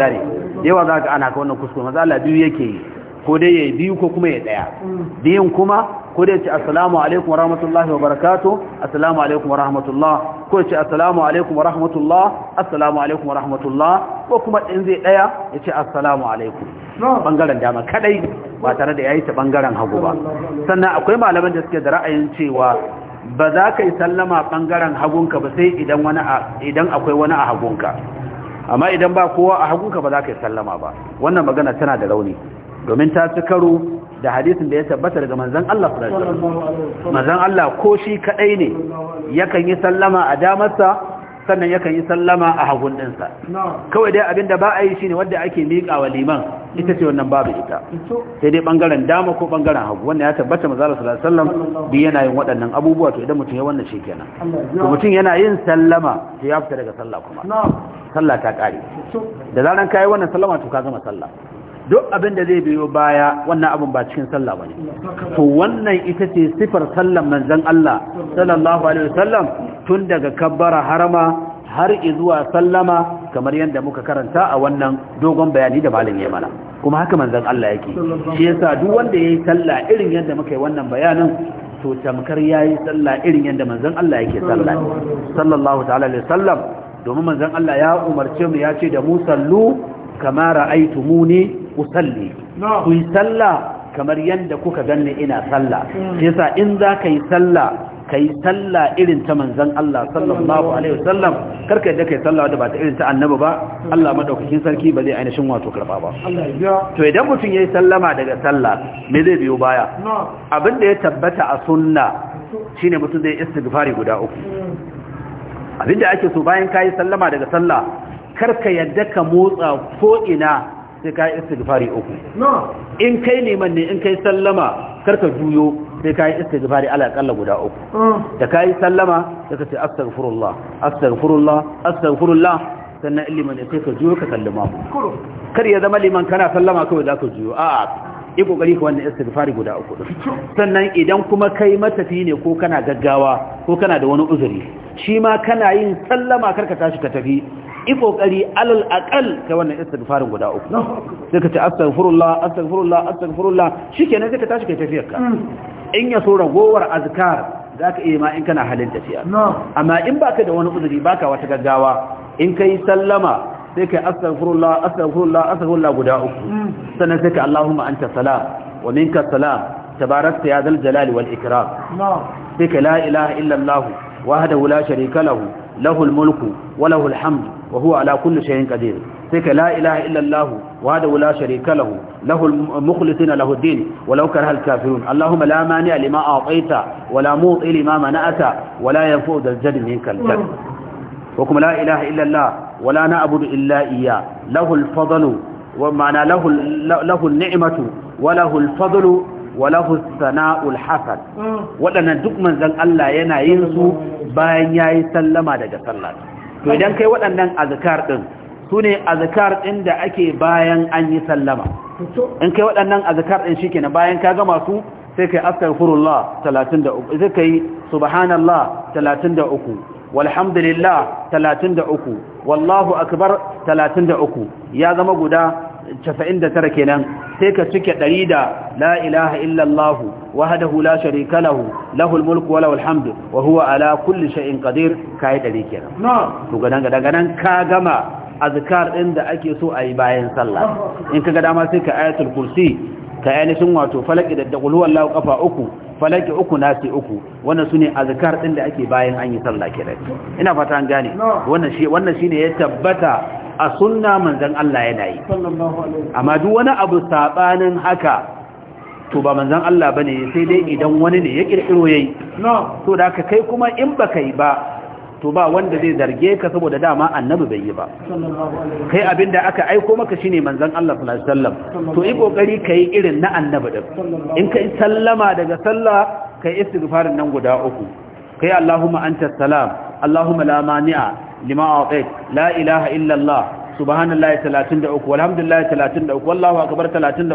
yawa za ka ana ka wannan kuskure maza Allah biyu yake yi ko dai ya yi biyu ko kuma ya ɗaya mm. biyun kuma ko dai ce assalamu alaikum wa rahmatullahi wa barakatu assalamu alaikum wa rahmatullah ko ce assalamu alaikum wa rahmatullah assalamu alaikum wa rahmatullah ko kuma in zai ɗaya ya ce assalamu alaikum bangaren dama kadai ba tare da ya yi ta bangaren hagu ba sannan akwai malaman da suke da ra'ayin cewa ba za ka yi sallama ɓangaren hagunka ba sai idan akwai wani a hagunka amma idan ba kowa a hagunka ba za ka yi sallama ba wannan magana tana da rauni domin ta ci karo da hadisin da ya tabbata daga manzan Allah manzan Allah ko shi kaɗai ne yakan yi sallama a damarsa sannan yakan yi sallama a hagun ɗinsa kawai dai abinda ba a yi shi ne wadda ake miƙa wa liman ita ce wannan babu ita sai dai ɓangaren dama ko ɓangaren hagu wannan ya tabbata mazala sallallahu sallam bi yana yin waɗannan abubuwa to idan mutum ya wannan shi kenan to mutum yana yin sallama to ya fita daga sallah kuma sallah ta ƙare da zaran ka yi wannan sallama to ka gama sallah duk abin da zai biyo baya wannan abin ba cikin sallah bane to wannan ita ce sifar sallan manzon Allah sallallahu alaihi wasallam tun daga kabbara harama har zuwa sallama kamar yadda muka karanta a wannan dogon bayani da malam ya mana kuma haka manzon Allah yake shi yasa duk wanda yayi sallah irin yadda muka yi wannan bayanin to tamkar yayi sallah irin yadda manzon Allah yake sallah sallallahu ta'ala alaihi wasallam domin manzan Allah ya umarce mu ya ce da mu sallu kama ra'aytumuni usalli ku yi sallah kamar yadda kuka ganni ina sallah mm. yasa in za ka yi sallah ka yi sallah irin ta manzan Allah sallallahu alaihi wasallam karka yadda ka yi sallah wadda ba ta irin ta annaba ba Allah madaukakin sarki ba zai ainihin wato karba ba to idan mutum ya yi sallama daga sallah me zai biyo baya abin da ya tabbata a sunna shine mutum zai istighfari guda uku abin da ake so bayan ka yi sallama daga sallah ka yadda ka motsa ko ina sai ka yi istighfari uku in kai liman ne in kai sallama karka juyo sai ka yi istighfari ala guda uku da ka yi sallama sai ka ce astaghfirullah astaghfirullah astaghfirullah sannan liman ne sai ka juyo ka sallama kar ya zama liman kana sallama kawai za ka juyo a yi kokari ka wannan istighfari guda uku sannan idan kuma kai matafi ne ko kana gaggawa ko kana da wani uzuri shi ma kana yin sallama karka tashi ka tafi yi kokari alal aqal kai wannan istighfarin guda uku sai ka ce astaghfirullah astaghfirullah astaghfirullah shikenan sai ka tashi ka tafiyar ka mm. in ya so ragowar azkar za ka iya ma in kana halin tafiya amma in ba ka da wani uzuri baka wata gaggawa in ka yi sallama sai kai astaghfirullah astaghfirullah astaghfirullah guda uku mm. sannan sai ka Allahumma anta salam wa minka salam tabarakta ya zal jalali wal ikram sai ka la ilaha illa Allah wahdahu la sharika lahu lahul mulku wa lahul hamdu wa huwa ala kulli shay'in qadir sai ka la ilaha illa allah wahdahu la sharika lahu lahu al-mukhlisina lahu ad lima a'taita wa la lima mana'ata wa la yanfu dhal-jad minka al-jad wa kuma la ilaha illa allah wa la na'budu illa iyyah lahu al-fadlu nimatu wa mm. duk manzon Allah yana yin su bayan yayi sallama daga sallah to idan kai waɗannan azkar din su ne azkar din da ake bayan an yi sallama in kai waɗannan azkar din shikenan bayan ka gama su sai kai astaghfirullah 33 sai kai subhanallah 33 walhamdulillah 33 wallahu akbar 33 ya zama guda tara kenan sai ka cike ɗari da la ilaha illallah wahadahu la sharika lahu lahul mulku wa lahul hamdu wa huwa ala kulli shay'in qadir kai 100 kenan to gadan gadan nan ka gama azkar ɗin da ake so a yi bayan sallah in ga dama sai ka ayatul kursi ka ainihin wato falaki da daqul huwallahu qafa uku falaki uku nasi uku wannan ne azkar ɗin da ake bayan an yi sallah kenan ina fata an gane wannan shi ne shine ya tabbata a sunna manzan Allah yana yi amma duk wani abu saɓanin haka to ba manzan Allah bane sai dai idan wani ne ya ƙirƙiro yayi to da aka kai kuma in baka yi ba to ba wanda zai zarge ka saboda dama annabi bai yi ba kai abinda aka aiko maka shine manzon Allah sallallahu alaihi wasallam to yi kokari kai irin na annabi din in kai sallama daga sallah kai istighfarin nan guda uku kai Allahumma anta salam Allahumma la mani'a lima a'tait la ilaha illa Allah subhanallahi 33 walhamdulillahi 33 wallahu akbar 33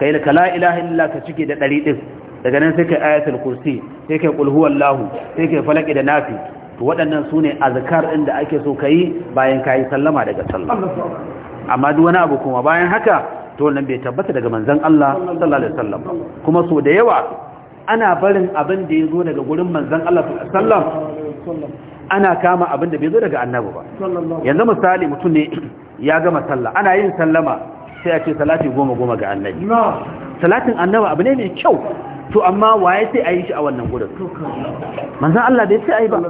kai la la ilaha illa ka cike da ɗari ɗin, daga nan sai kai ayatul kursi sai kai qul huwallahu sai kai falaki da nafi to waɗannan sune azkar ɗin da ake so kai bayan kai sallama daga sallah amma duk wani abu kuma bayan haka to wannan bai tabbata daga manzon Allah sallallahu alaihi wasallam kuma so da yawa ana barin abin da ya zo daga wurin manzon Allah ana kama abin da bai zo daga annabi ba yanzu misali mutum ne ya gama sallah ana yin sallama sai a ce salati goma goma ga annabi salatin annabi abu ne mai kyau to amma waye sai a yi shi a wannan gudun manzan Allah bai ce a yi ba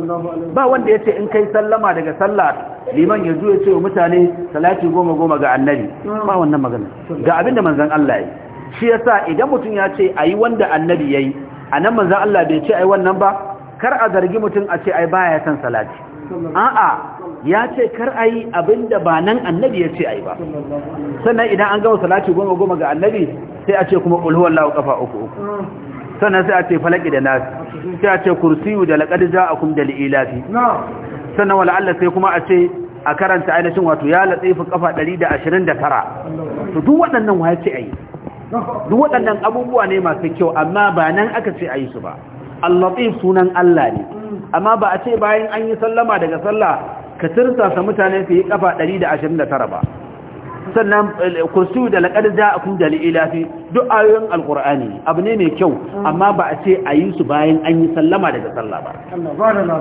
ba wanda ya ce in kai sallama daga sallah liman ya zuwa ce wa mutane salati goma goma ga annabi ba wannan magana ga abin da manzan Allah ya yi shi yasa idan mutum ya ce a yi wanda annabi ya yi a nan manzan Allah bai ce a yi wannan ba kar a zargi mutum a ce ai baya san salati a'a ya ce kar a yi ba nan annabi ya ce ai ba sannan idan an gama salati goma goma ga annabi sai a ce kuma ulhuwan lawo kafa uku uku sannan sai a ce falaki da nasi sai a ce kursiyu da laƙar za a kuma da li'ilafi sannan wala Allah sai kuma a ce a karanta ainihin wato ya latsifin kafa 129 to duk waɗannan wa ya ce a yi duk waɗannan abubuwa ne masu kyau amma ba nan aka ce a yi su ba al-latif sunan Allah ne amma ba a ce bayan an yi sallama daga sallah ka tirsasa mutane su yi kafa tara ba sannan eh, kursu da laqad akun ila fi duk ayoyin alqur'ani abu ne mai kyau amma ba a ce a yi su bayan an yi sallama daga sallah ba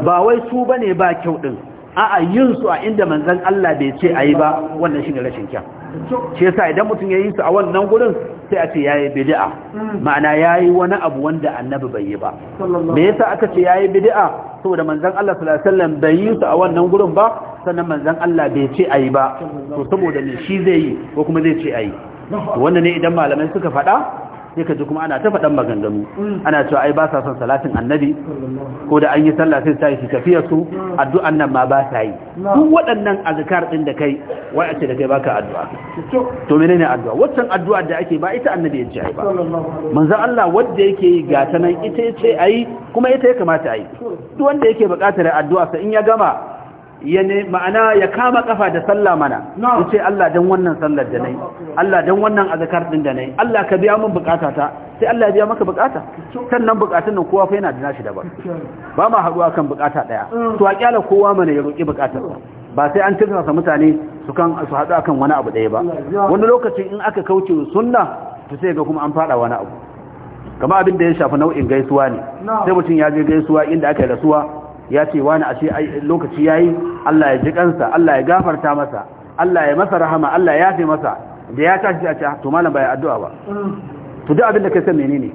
ba wai su bane ba kyau ɗin. a'a yin su a inda manzan Allah bai ce a yi ba wannan shi ne rashin kyan ce sa idan mutum ya yi su a wannan gurin sai a ce ya yi bidi'a ma'ana ya yi wani abu wanda annabi bai yi ba me yasa aka ce yayi bidi'a saboda manzon Allah sallallahu bai yi su a wannan gurin ba sannan manzon Allah bai ce a yi ba to saboda me shi zai yi ko kuma zai ce ayi wannan ne idan malamai suka faɗa sai ka ji kuma ana ta faɗan maganganu mm. ana cewa ai ba sa son salatin annabi ko da an yi sallah sai ta yi tafiya su mm. addu'an nan ma ba sa yi duk waɗannan azkar din da kai wai a ce da kai baka addu'a to menene addu'a waccan addu'a da ake ba ita annabi ya ce ai ba manzo Allah wanda yake yi gata nan ita ce ai kuma ita ya kamata ai duk wanda yake buƙatar addu'a sai in ya gama ma'ana ya kama kafa da sallah mana in ce Allah dan wannan sallar da nai Allah dan wannan azkar din da nai Allah ka biya min bukata ta sai Allah ya biya maka bukata sannan bukatun nan kowa fa yana da nashi daban ba ma haɗuwa kan bukata daya to a kowa mana ya roki bukatar ba sai an sa mutane su kan su haɗu akan wani abu ɗaya ba wani lokaci in aka kauce sunna to sai ga kuma an fada wani abu kama abin da ya shafi nau'in gaisuwa ne sai mutum ya je gaisuwa inda aka yi rasuwa ya ce wani a ce lokaci yi? Allah ya ji kansa Allah ya gafarta masa Allah ya masa rahama Allah ya fi masa da ya tashi a ce ah, to malam bai addu'a ba to duk abin da kai san menene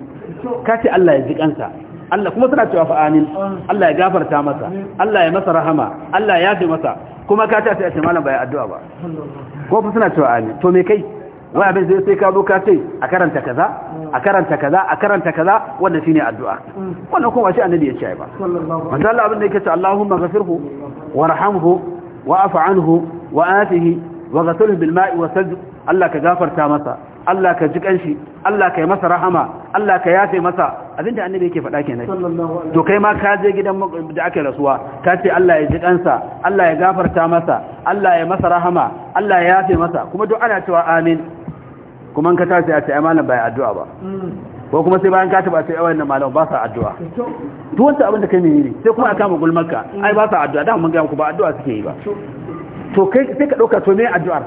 ka ce Allah ya ji kansa Allah kuma suna cewa fa amin Allah ya gafarta masa Allah ya masa rahama Allah ya fi masa kuma ka tashi a ce malam bai addu'a ba ko fa suna cewa amin to me kai wai abin zai sai ka zo ka ce a karanta kaza a karanta kaza a karanta kaza wannan shine addu'a wannan kuma shi annabi ya ce ba manzo Allah abin da yake ce Allahumma ghafirhu warhamhu wa'fu anhu wa'afihi waghsilhu bil ma'i Allah ka gafarta masa Allah ka ji kanshi Allah ka yi masa rahama Allah ka yafe masa abinda annabi yake faɗa kenan to kai ma ka je gidan da ake rasuwa ka ce Allah ya ji kansa Allah ya gafarta masa Allah ya masa rahama Allah ya yafe masa kuma duk ana cewa amin kuma ka ta sai a ce ai malam bai addu'a ba mm. ko kuma sai bayan ka ba sai ai wannan malam ba sa addu'a to wanda abin da kai ne sai kuma a kama gulmarka mm. ai ba sa addu'a da mun ga ku ba addu'a suke yi ba to kai sai ka dauka to me addu'ar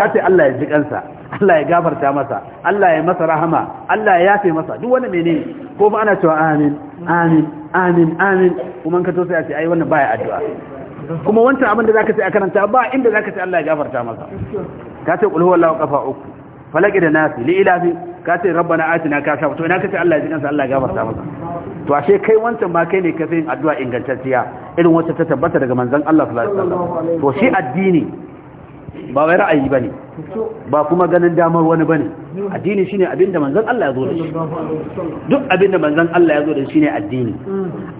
ka ce Allah ya ji kansa Allah ya gafarta masa Allah ya masa rahama Allah ya yafe masa duk wanda menene ko ba ana cewa amin amin amin amin kuma ka to sai a ce ai wannan bai addu'a kuma wancan abin da zaka ce a karanta ba inda zaka ce Allah ya gafarta masa ka ce qul huwallahu qafa uku falaki da nasi li ilafi ka ce rabba rabbana atina ka sha to ina ka ce Allah ya ji kansa Allah ya gabata. masa to ashe kai wancan ma kai ne ka fi addu'a ingantacciya irin wacce ta tabbata daga manzon Allah sallallahu alaihi wasallam to shi addini ba wai ra'ayi bane ba kuma ganin damar wani bane addini shine abinda manzon Allah ya zo da shi duk abinda manzon Allah ya zo da shi ne addini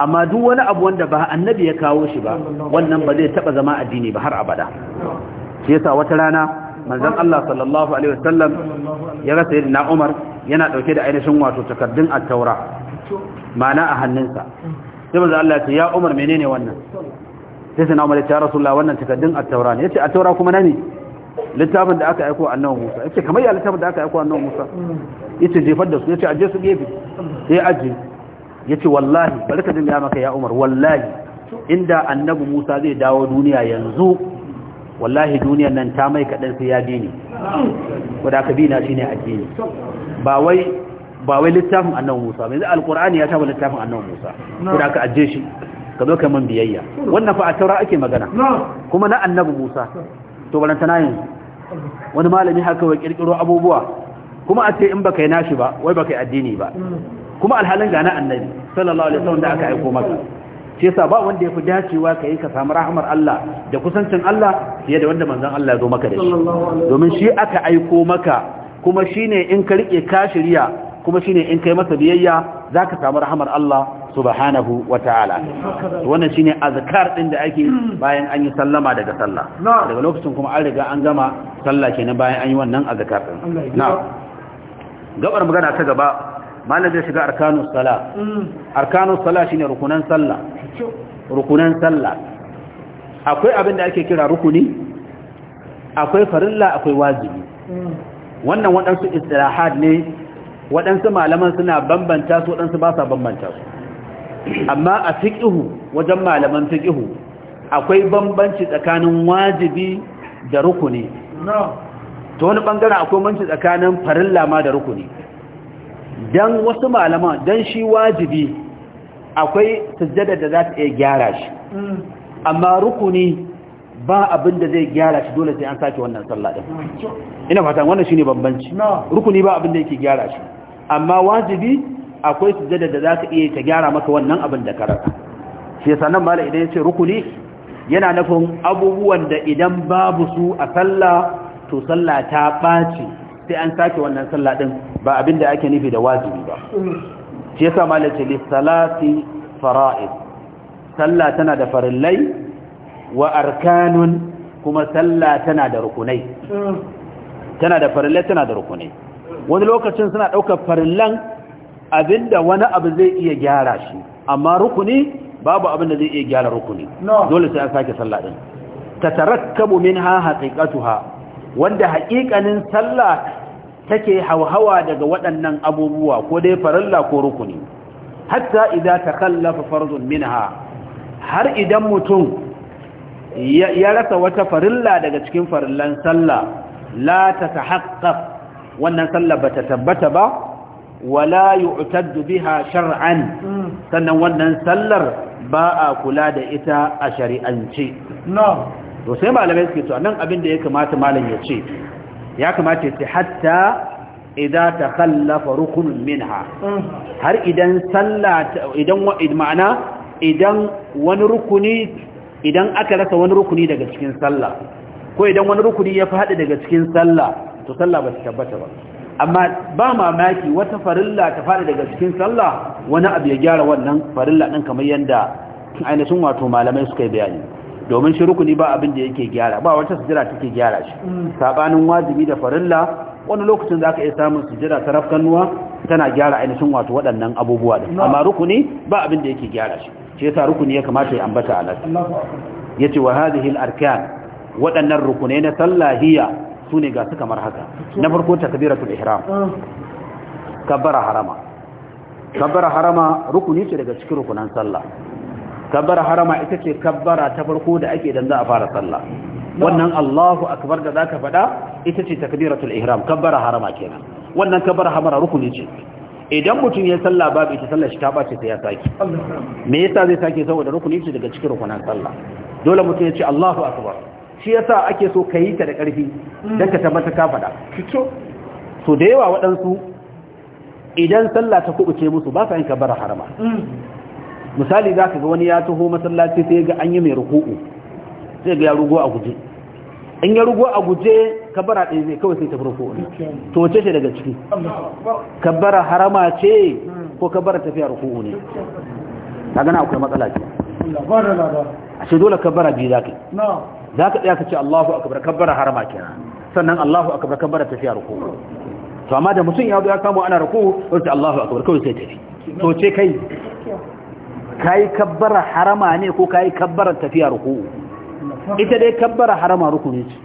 amma duk wani abu wanda ba annabi ya kawo shi ba wannan ba zai taba zama addini ba har abada shi yasa wata rana Manzan Allah sallallahu alaihi wasallam ya ga na Umar yana ɗauke da ainihin wato takardun a taura mana a hannunsa sai manzon Allah ya ce ya Umar menene wannan sai na Umar ya ce Rasulullah wannan takardun a taura ne Ya ce a taura kuma na ne littafin da aka aika annabi Musa Ya ce kamar ya littafin da aka aika annabi Musa Ya ce jefar da su Ya yace aje su gefe sai aje ce wallahi bari ka dinga maka ya Umar wallahi inda annabi Musa zai dawo duniya yanzu wallahi duniyar nan ta mai kaɗan sai ya dini wadda aka bi na shi ne addini ba wai littafin annan musa mai zai alkur'ani ya taba littafin annan musa wadda aka ajiye shi ka zo man biyayya wannan fa a taura ake magana kuma na annabi musa to balanta na yanzu wani malami haka wai kirkiro abubuwa kuma a ce in baka yi nashi ba wai baka yi addini ba kuma alhalin ga na annabi sallallahu alaihi wasallam da aka aiko maka shi yasa ba wanda yafi dacewa kai ka samu rahmar Allah da kusancin Allah fiye da wanda manzon Allah ya zo maka da shi domin shi aka aiko maka kuma shine in ka rike ka shirya kuma shine in kai masa biyayya zaka samu rahmar Allah subhanahu wata'ala wannan shine azkar din da ake bayan an yi sallama daga sallah daga lokacin kuma an riga an gama sallah kenan bayan an yi wannan azkar din na gabar magana ta gaba malam zai shiga Arkanu sala mm. Arkanu sala shine rukunan sallah rukunan sallah akwai abin da ake kira rukuni akwai farilla akwai wajibi mm. wannan waɗansu istirahad ne waɗansu malaman suna bambanta su waɗansu ba sa bambanta su amma a fiƙihu wajen malaman fiƙihu akwai bambanci tsakanin wajibi da rukuni to wani ɓangaren akwai bambanci tsakanin farilla ma da rukuni dan wasu malama dan shi wajibi akwai sujjada da za ta iya gyara shi mm. amma rukuni ba abin da zai gyara shi dole sai an sake wannan sallah din mm. ina fatan wannan shine bambanci rukuni ba abin da yake gyara shi amma wajibi akwai sujjada da za ka iya ta gyara maka wannan abin da ka rasa shi yasa nan malai idan yace rukuni yana nufin abubuwan da idan babu su a sallah to sallah ta ɓaci sai an sake wannan sallah din ba abin da ake nufi da wajibi ba shi yasa malace salati fara'id sallah tana da farillai wa arkanun kuma sallah tana da rukunai tana da farillai tana da rukunai wani lokacin suna ɗaukar farillan abinda wani abu zai iya gyara shi amma rukuni babu abin da zai iya gyara rukuni dole sai an sake sallah din ha minha ha. wanda haqiqanin sallah take hauhawa daga waɗannan abubuwa ko dai farilla ko rukuni hatta idza takallafa farzun minha har idan mutum ya rasa wata farilla daga cikin farillan sallah la tatahaqqaq wannan sallah bata tabbata ba wala yu'taddu biha shar'an sannan wannan sallar ba a kula da ita a shari'ance no to sai malamai suke to nan abin da ya kamata malam ya ce ya kamata ce hatta idza takhallafa rukunun minha har idan sallah idan ma'ana idan wani rukuni idan aka rasa wani rukuni daga cikin sallah ko idan wani rukuni ya faɗi daga cikin sallah to sallah ba ta tabbata ba amma ba mamaki wata farilla ta faɗi daga cikin sallah wani abu ya gyara wannan farilla ɗin kamar yadda ainihin wato malamai suka yi bayani domin shi rukuni ba abin da yake gyara ba wata sujjada take gyara shi mm. sabanin wajibi da farilla wani lokacin zaka iya samun sujjada ta nuwa tana gyara ainihin wato waɗannan abubuwa da amma rukuni ba abin da yake gyara shi shi yasa rukuni ya kamata ya ambata Allah ce wa hadhihi al-arkan waɗannan rukunai na sallahiya su sune ga su kamar haka na farko takbiratul ihram mm. kabbara harama kabbara harama rukuni ce daga cikin rukunan sallah kabbara harama ita ce kabbara ta farko da ake dan za a fara sallah wannan Allahu akbar da zaka faɗa ita ce takbiratul ihram kabbara harama kenan wannan kabbara harama rukuni ce idan mutum ya sallah babu ita sallar shi ta bace sai ya saki me yasa zai sake saboda rukuni ce daga cikin rukunan sallah dole mutum ya ce Allahu akbar shi yasa ake so ka yi ta da ƙarfi don ka tabbata ka faɗa so da yawa waɗansu idan sallah ta kubuce musu ba sa yin kabbara harama mm. misali za ka ga wani ya taho masallaci sai ga an yi mai ruku'u sai ga ya rugo a guje in ya rugo a guje kabbara ɗaya zai kawai sai tafi ruku'u to wace ce daga ciki kabbara harama ce ko kabbara tafiya ruku'u ne ka gana akwai matsala ce a ce dole kabbara biyu za ka yi za ka tsaya ka ce allahu akabar kabbara harama ke sannan allahu akabar kabbara tafiya ruku'u to amma da mutum ya zo ya kamo ana ruku'u wata allahu akabar kawai sai tafi to ce kai kayi kabbara harama ne ko kayi kabbarar tafiya ruku'u ita dai kabbara harama rukuni ce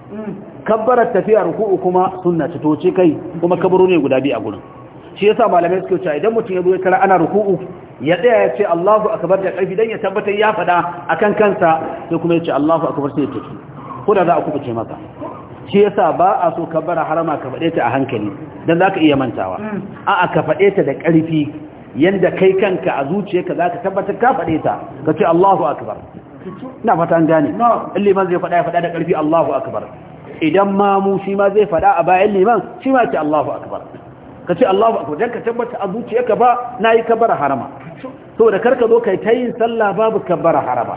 kabbara tafiya ruku'u kuma sunna ce to ce kai kuma kabaro ne guda biyu a gurin shi yasa malamai suke cewa idan mutum ya zo ya kara ana ruku'u ya tsaya ya ce Allahu akbar da karfi dan ya tabbatar ya fada akan kansa sai kuma ya ce Allahu akbar sai ya tafi ko da za a kubuce maka shi yasa ba a so kabbara harama ka fade ta a hankali dan zaka iya mantawa mm. a'a ka fade ta da karfi yanda kai kanka a zuciyarka ka tabbatar ka faɗe ta kace Allahu akbar ina fata an gane in liman zai faɗa ya faɗa da ƙarfi Allahu akbar idan ma mu shi ma zai faɗa a bayan liman shi ma ce Allahu akbar kace Allahu akbar dan ka tabbata a zuciyarka ba nayi kabara harama da karka zo kai ta yin sallah babu kabbara harama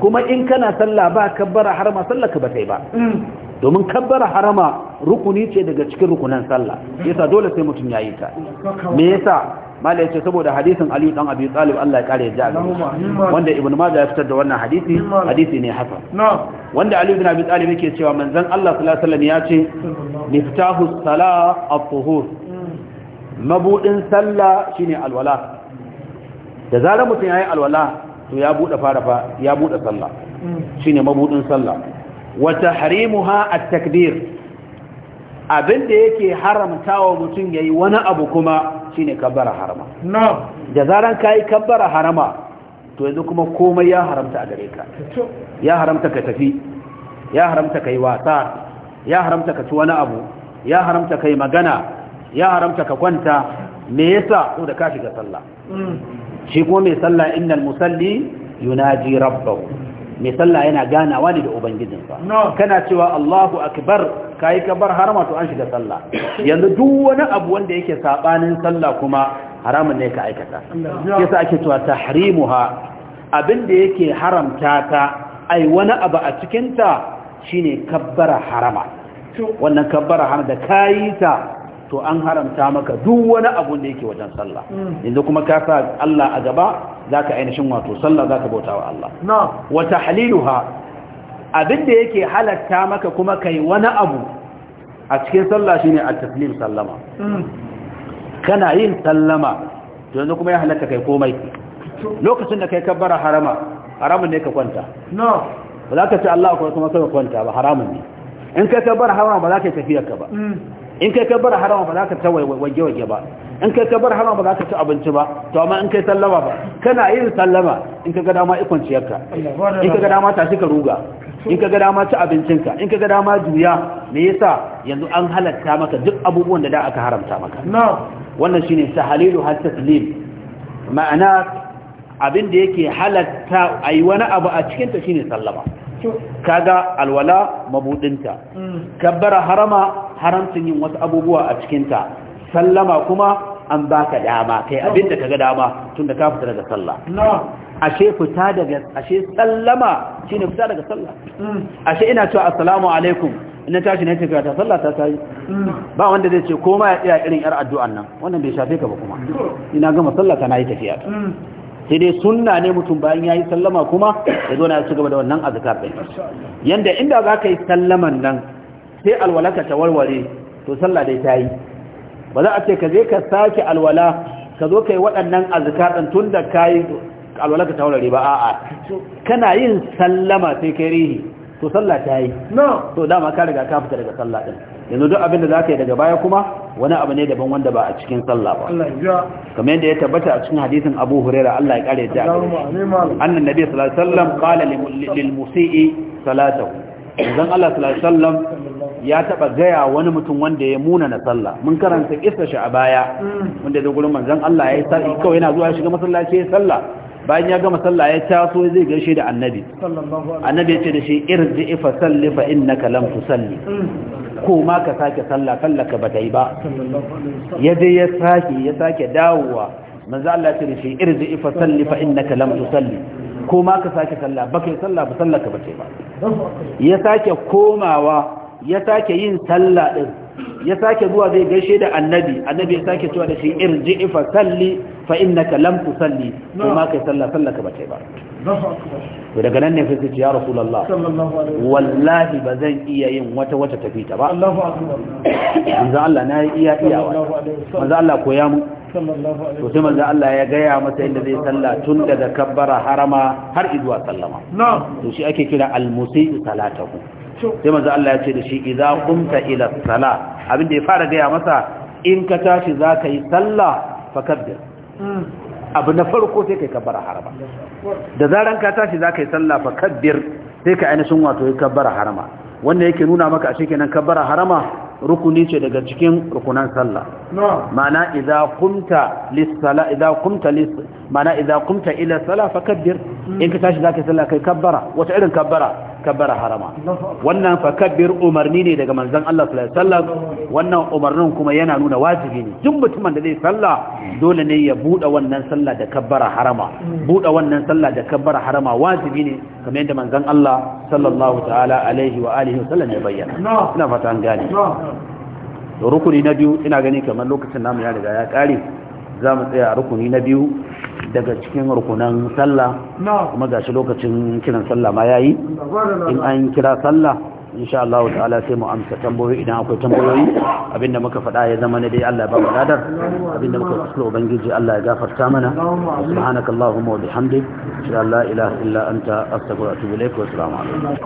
kuma in kana sallah ba kabara harama sallah ka yi ba mm. domin kabbara harama rukuni ce daga cikin rukunan sallah yasa dole sai mutum yayi ta me yasa mala yace saboda hadisin ali dan abi talib Allah ya kare ya wanda ibn majah ya fitar da wannan hadisi hadisi ne hasan wanda ali ibn abi talib yake cewa manzon Allah sallallahu alaihi wasallam ya ce miftahu salah at-tuhur mm. mabudin sallah shine alwala da zarar mutum yayi alwala to ya bude farafa ya bude sallah mm. shine mabudin sallah wa tahrimuha at-takbir abinda yake haramtawa mutum yayi wani abu kuma shine kabbara harama na'am da zaran kai kabbara harama to yanzu kuma komai ya haramta a gare ka ya haramta ka tafi ya haramta ka yi wasa ya haramta ka ci wani abu ya haramta ka yi magana ya haramta ka kwanta me yasa ko da ka shiga sallah mm. shi kuma mai sallah innal musalli yunaji rabbahu mai sallah yana ganawa ne da ubangijinsa kana cewa Allahu akbar kai kabar harama to an shiga sallah yanzu duk wani abu wanda yake sabanin sallah kuma haramun ne ka aikata yasa ake cewa tahrimuha abinda yake haramta ta ai wani abu a cikin ta shine kabbara harama wannan kabbara harama da kayi ta to an haramta maka duk wani abu da yake wajen sallah mm. yanzu kuma ka sa Allah a gaba Za ka ainihin wato sallah za ka bauta wa Allah wa tahliluha abinda yake halatta maka kuma kai wani abu a cikin sallah shi ne at-taslim sallama mm. kana yin sallama to yanzu kuma ya halatta kai komai lokacin da kai kabbara harama haramun ne ka kwanta no ba za ka ce Allah kuma kuma ka kwanta ba haramun ne in kai kabbara harama ba za ka yi tafiyarka ba mm. in kai ka bar harama ba za ka ta wage-wage ba in kai ka bar harama ba za ka ci abinci ba to amma in kai sallama ba kana yin sallama in ka ga dama ikwanciyarka in ka ga dama tashi ka ruga in ka ga dama ci abincinka in ka ga dama juya me yasa yanzu an halatta maka duk abubuwan da da aka haramta maka wannan shine sahalilu har taslim ma'ana abin da yake halatta ayi wani abu a cikin ta shine sallama kaga alwala mabudinta kabbara harama haramcin yin wasu abubuwa a cikinta sallama kuma an ba ka dama kai abin da ga dama tunda ka fita daga sallah ashe fita daga ashe sallama shine fita daga sallah mm. ashe ina cewa assalamu alaikum ina tashi ne ce ta sallah ta tayi mm. ba wanda zai ce koma ya tsaya irin yar addu'an nan wannan bai shafe ka ba kuma ina gama sallah ta nayi tafiya ta mm. sai dai sunna ne mutum bayan yayi sallama kuma ya zo na ci gaba da wannan azkar din yanda inda za ka yi sallaman nan sai alwalaka ta warware to sallah dai ta yi ba za a ce ka je ka sake alwala ka zo ka yi waɗannan azkar ɗin tun da ka yi alwalaka ta warware ba a'a kana yin sallama sai kai rihi to sallah ta yi to dama ka riga ka fita daga sallah ɗin. yanzu duk abin da zaka yi daga baya kuma wani abu ne daban wanda ba a cikin sallah ba kamar yadda ya tabbata a cikin hadisin Abu Hurairah Allah ya kare ta annan nabi sallallahu alaihi wasallam qala lil musii salatahu dan Allah sallallahu alaihi wasallam ya taba gaya wani mutum wanda ya muna na sallah mun karanta kissa shi a baya wanda da gurin manzon Allah ya sai kawai yana zuwa shiga masallaci ya sallah bayan ya gama sallah ya taso zai gaishe da annabi annabi ya ce da shi irji ifa salli fa innaka lam tusalli ko ma ka sake sallah sallaka bata yi ba ya je ya sake ya sake dawowa manzo Allah ya ce da shi irji ifa salli fa innaka lam tusalli ko ma ka sake sallah baka yi sallah ba sallaka bata yi ba ya sake komawa ya sake yin sallah din ya sake zuwa zai gaishe da annabi annabi ya sake cewa da shi irji fa salli fa innaka lam tusalli to ma kai sallah sallah ka bace ba to daga nan ne sai su ce ya rasulullah wallahi ba zan iya yin wata wata tafita ba Allahu akbar manzo Allah na yi iya iya manzo Allah koya mu to sai manzo Allah ya gaya masa inda zai sallah tun daga kabbara harama har izuwa sallama to shi ake kira al-musii salatahu sai manzo Allah ya ce da shi idza qumta ila sala abin da ya fara gaya masa in ka tashi zaka yi sallah fakabbir abu na farko sai kai kabbara harama da zaran ka tashi zaka yi sallah fakabbir sai ka ainihin wato yi kabbara harama wannan yake nuna maka a kenan kabbara harama rukuni ce daga cikin rukunan sallah ma'ana idza qumta lis-sala idza qumta lis ma'ana idza qumta ila sala fakabbir hmm. in ka tashi zaka yi sallah kai kabbara wata irin kabbara kabbara harama wannan fakabbir umarni ne daga manzon Allah sallallahu alaihi wasallam wannan umarnin kuma yana nuna wajibi ne duk mutumin da zai sallah dole ne ya bude wannan sallah da kabbara harama bude wannan sallah da kabbara harama wajibi ne kamar yadda manzon Allah sallallahu ta'ala alaihi wa alihi wasallam ya bayyana ina fata an gane rukuni na biyu ina gani kamar lokacin namu ya riga ya kare za mu tsaya a rukuni na biyu daga cikin rukunan sallah kuma gashi lokacin kiran sallah ma yayi in an kira sallah insha Allah ta'ala sai mu amsa tambayoyi idan akwai tambayoyi abinda muka faɗa ya zama ne dai Allah ya ba mu ladar abinda muka kusura ubangiji Allah ya gafarta mana subhanakallahumma wa bihamdik insha Allah ilaha illa anta astaghfiruka wa atubu ilaik wa assalamu alaikum